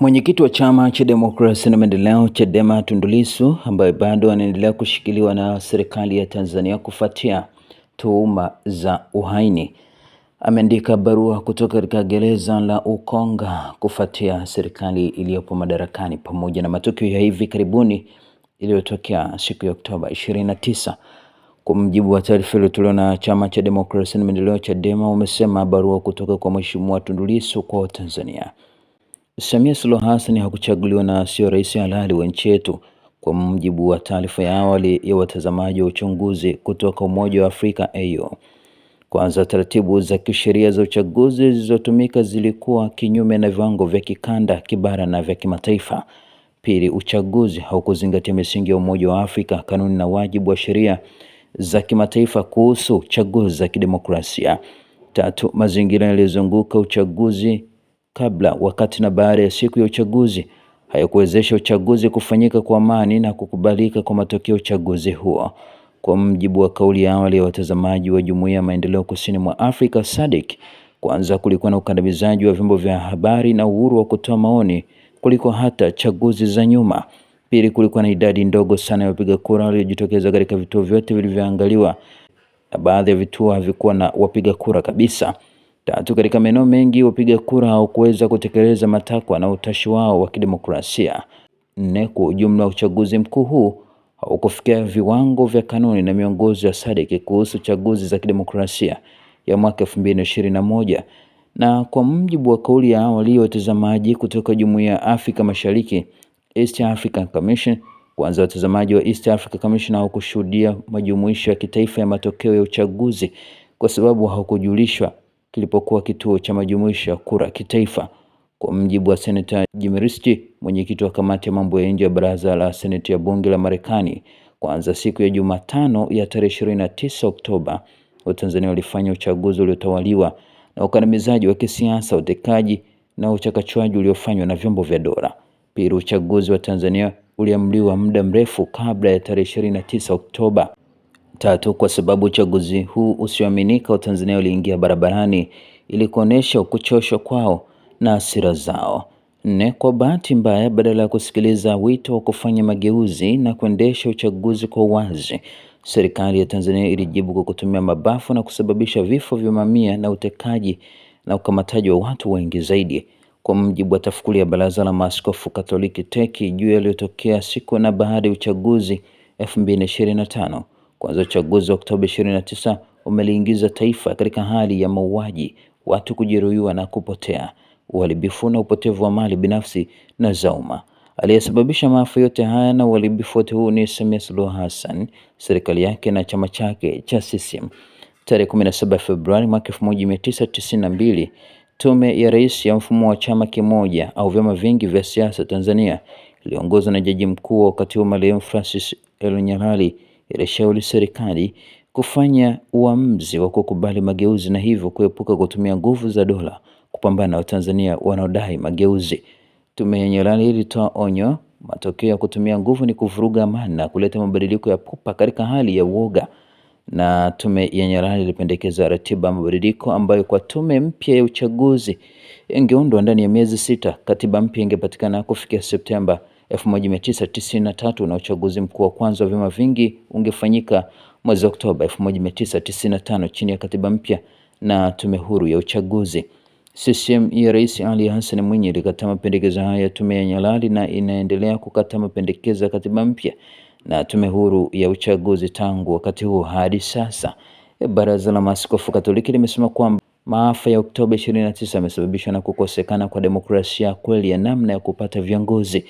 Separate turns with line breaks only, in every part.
Mwenyekiti wa chama cha demokrasia na maendeleo Chadema Tundu Lissu ambaye bado anaendelea kushikiliwa na serikali ya Tanzania kufuatia tuhuma za uhaini ameandika barua kutoka katika gereza la Ukonga kufuatia serikali iliyopo madarakani pamoja na matukio ya hivi karibuni iliyotokea siku ya Oktoba 29. Kwa mjibu wa taarifa iliyotolewa na chama cha demokrasia na maendeleo Chadema, umesema barua kutoka kwa Mheshimiwa Tundu Lissu kwa Tanzania Samia Suluhu Hassan hakuchaguliwa na sio rais halali wa nchi yetu, kwa mujibu wa taarifa ya awali ya watazamaji wa uchunguzi kutoka Umoja wa Afrika AU. Kwanza, taratibu za kisheria za uchaguzi zilizotumika zilikuwa kinyume na viwango vya kikanda, kibara na vya kimataifa. Pili, uchaguzi haukuzingatia misingi ya Umoja wa Afrika, kanuni na wajibu wa sheria za kimataifa kuhusu chaguzi za kidemokrasia. Tatu, mazingira yaliyozunguka uchaguzi kabla, wakati na baada ya siku ya uchaguzi hayakuwezesha uchaguzi kufanyika kwa amani na kukubalika kwa matokeo ya uchaguzi huo. Kwa mjibu wa kauli ya awali ya watazamaji wa Jumuiya ya Maendeleo Kusini mwa Afrika SADC, kwanza kulikuwa na ukandamizaji wa vyombo vya habari na uhuru wa kutoa maoni kuliko hata chaguzi za nyuma. Pili, kulikuwa na idadi ndogo sana ya wapiga kura waliojitokeza katika vituo vyote vilivyoangaliwa na baadhi ya vituo havikuwa na wapiga kura kabisa. Tatu, katika maeneo mengi wapiga kura hawakuweza kutekeleza matakwa na utashi wao wa kidemokrasia. Nne, kwa ujumla uchaguzi mkuu huu haukufikia viwango vya kanuni na miongozo ya SADC kuhusu chaguzi za kidemokrasia ya mwaka mbili na kwa mujibu wa kauli ya walio watazamaji kutoka Jumuiya ya Afrika Mashariki, East African Commission. Kwanza, watazamaji wa East Africa Commission hawakushuhudia majumuisho ya kitaifa ya matokeo ya uchaguzi kwa sababu hawakujulishwa kilipokuwa kituo cha majumuisho ya kura kitaifa. Kwa mjibu wa senata Jim Risch, mwenyekiti wa kamati ya mambo ya nje ya baraza la seneti ya bunge la Marekani, kuanza siku ya Jumatano ya tarehe 29 Oktoba, Watanzania walifanya uchaguzi uliotawaliwa na ukandamizaji wa kisiasa, utekaji na uchakachwaji uliofanywa na vyombo vya dola. Pili, uchaguzi wa Tanzania uliamliwa muda mrefu kabla ya tarehe 29 Oktoba. Tatu, kwa sababu uchaguzi huu usioaminika Watanzania waliingia barabarani ili kuonesha kuchoshwa kwao na hasira zao. Nne, kwa bahati mbaya, badala ya kusikiliza wito wa kufanya mageuzi na kuendesha uchaguzi kwa uwazi, serikali ya Tanzania ilijibu kwa kutumia mabafu na kusababisha vifo vya mamia na utekaji na ukamataji wa watu wengi zaidi. Kwa mjibu wa tafukuli ya Baraza la Maaskofu Katoliki teki juu yaliyotokea siku na baada ya uchaguzi 2025. Kwanza uchaguzi wa Oktoba 29 umeliingiza taifa katika hali ya mauaji, watu kujeruhiwa na kupotea, uharibifu na upotevu wa mali binafsi na za umma. Aliyesababisha maafa yote haya na uharibifu wote huu ni Samia Suluhu Hassan, serikali yake na chama chake cha CCM. Tarehe 17 Februari mwaka 1992 tume ya rais ya mfumo wa chama kimoja au vyama vingi vya siasa Tanzania iliongozwa na jaji mkuu wakati huo marehemu Francis L. Nyalali ilishauri serikali kufanya uamuzi wa kukubali mageuzi na hivyo kuepuka kutumia nguvu za dola kupambana na Watanzania wanaodai mageuzi. Tume yenye ilani ilitoa onyo, matokeo ya kutumia nguvu ni kuvuruga amani na kuleta mabadiliko ya pupa katika hali ya uoga. Na tume ya ilani ilipendekeza ratiba ya mabadiliko ambayo kwa tume mpya ya uchaguzi ingeundwa ndani ya miezi sita. Katiba mpya ingepatikana kufikia Septemba 1993 na uchaguzi mkuu wa kwanza wa vyama vingi ungefanyika mwezi Oktoba 1995 chini ya katiba mpya na tume huru ya uchaguzi. CCM ya Rais Ali Hassan Mwinyi ilikataa mapendekezo haya ya tume ya Nyalali na inaendelea kukataa mapendekezo ya katiba mpya na tume huru ya uchaguzi tangu wakati huo hadi sasa. E, Baraza la Maaskofu Katoliki limesema kwamba maafa ya Oktoba 29 yamesababishwa na kukosekana kwa demokrasia kweli ya namna ya kupata viongozi.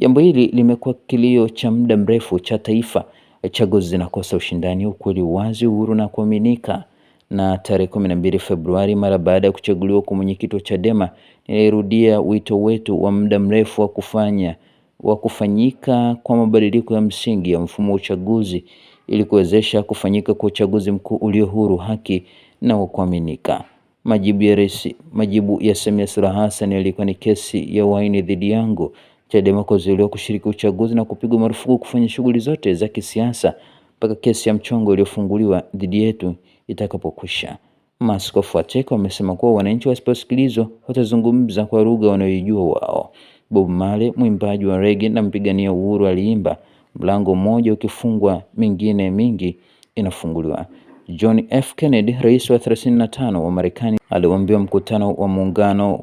Jambo hili limekuwa kilio cha muda mrefu cha taifa. Chaguzi zinakosa ushindani, ukweli, uwazi, uhuru na kuaminika. Na tarehe 12 Februari, mara baada ya kuchaguliwa kwa mwenyekiti wa Chadema, nilirudia wito wetu wa muda mrefu wa kufanya wa kufanyika kwa mabadiliko ya msingi ya mfumo wa uchaguzi ili kuwezesha kufanyika kwa uchaguzi mkuu ulio huru, haki na wa kuaminika. Majibu ya Rais, majibu ya Samia Suluhu Hassan yalikuwa ni kesi ya uhaini dhidi yangu. Chadema kuzuiliwa kushiriki uchaguzi na kupigwa marufuku kufanya shughuli zote za kisiasa mpaka kesi ya mchongo iliyofunguliwa dhidi yetu itakapokwisha. Maaskofu Wateko wamesema kuwa wananchi wasiposikilizwa watazungumza kwa lugha wanayoijua wao. Bob Marley, mwimbaji wa rege na mpigania uhuru, aliimba mlango mmoja ukifungwa mingine mingi inafunguliwa. John F Kennedy, rais wa 35 wa Marekani, aliwambiwa mkutano wa muungano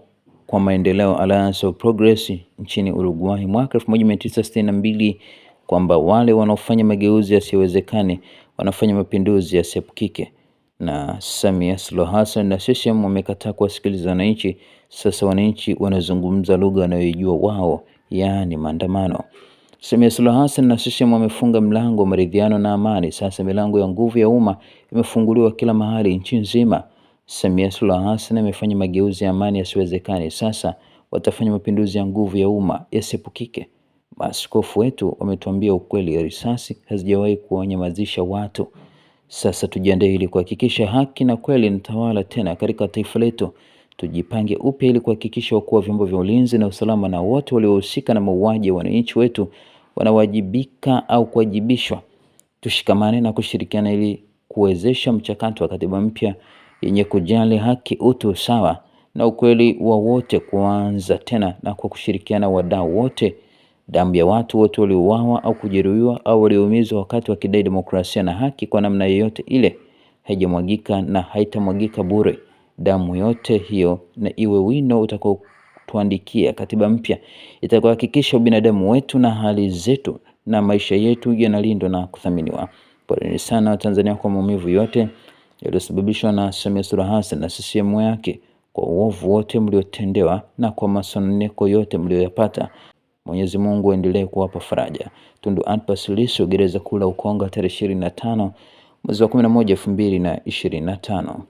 wa maendeleo Alliance of Progress nchini Uruguay mwaka 1962 kwamba wale wanaofanya mageuzi yasiyowezekani wanafanya mapinduzi yasiyepukike. Na Samia Suluhu Hassan na CCM wamekataa kuwasikiliza wananchi. Sasa wananchi wanazungumza lugha wanayoijua wao, yaani maandamano. Samia Suluhu Hassan na CCM wamefunga mlango wa maridhiano na amani. Sasa milango ya nguvu ya umma imefunguliwa kila mahali nchi nzima. Samia Suluhu Hassan amefanya mageuzi ya amani yasiwezekane, sasa watafanya mapinduzi ya nguvu ya umma yasiepukike. Maaskofu wetu wametuambia ukweli, risasi hazijawahi kuwanyamazisha watu. Sasa tujiandae ili kuhakikisha haki na kweli inatawala tena katika taifa letu. Tujipange upya ili kuhakikisha kuwa vyombo vya ulinzi na usalama na wote waliohusika na mauaji ya wananchi wetu wanawajibika au kuwajibishwa. Tushikamane na kushirikiana ili kuwezesha mchakato wa katiba mpya yenye kujali haki, utu, sawa na ukweli wa wote, kuanza tena na kwa kushirikiana wadau wote. Damu ya watu wote waliouawa au kujeruhiwa au walioumizwa wakati wakidai demokrasia na haki kwa namna yoyote ile haijamwagika na haitamwagika bure. Damu yote hiyo na iwe wino utakaotuandikia katiba mpya itakayohakikisha ubinadamu wetu na hali zetu na maisha yetu yanalindwa na kuthaminiwa. Poleni sana Watanzania kwa maumivu yote yaliyosababishwa na Samia Suluhu Hassan na CCM yake kwa uovu wote mliotendewa na kwa masononeko yote mlioyapata. Mwenyezi Mungu aendelee kuwapa faraja. Tundu Antipas Lissu gereza kuu la Ukonga tarehe ishirini na tano mwezi wa kumi na na moja elfu mbili ishirini na tano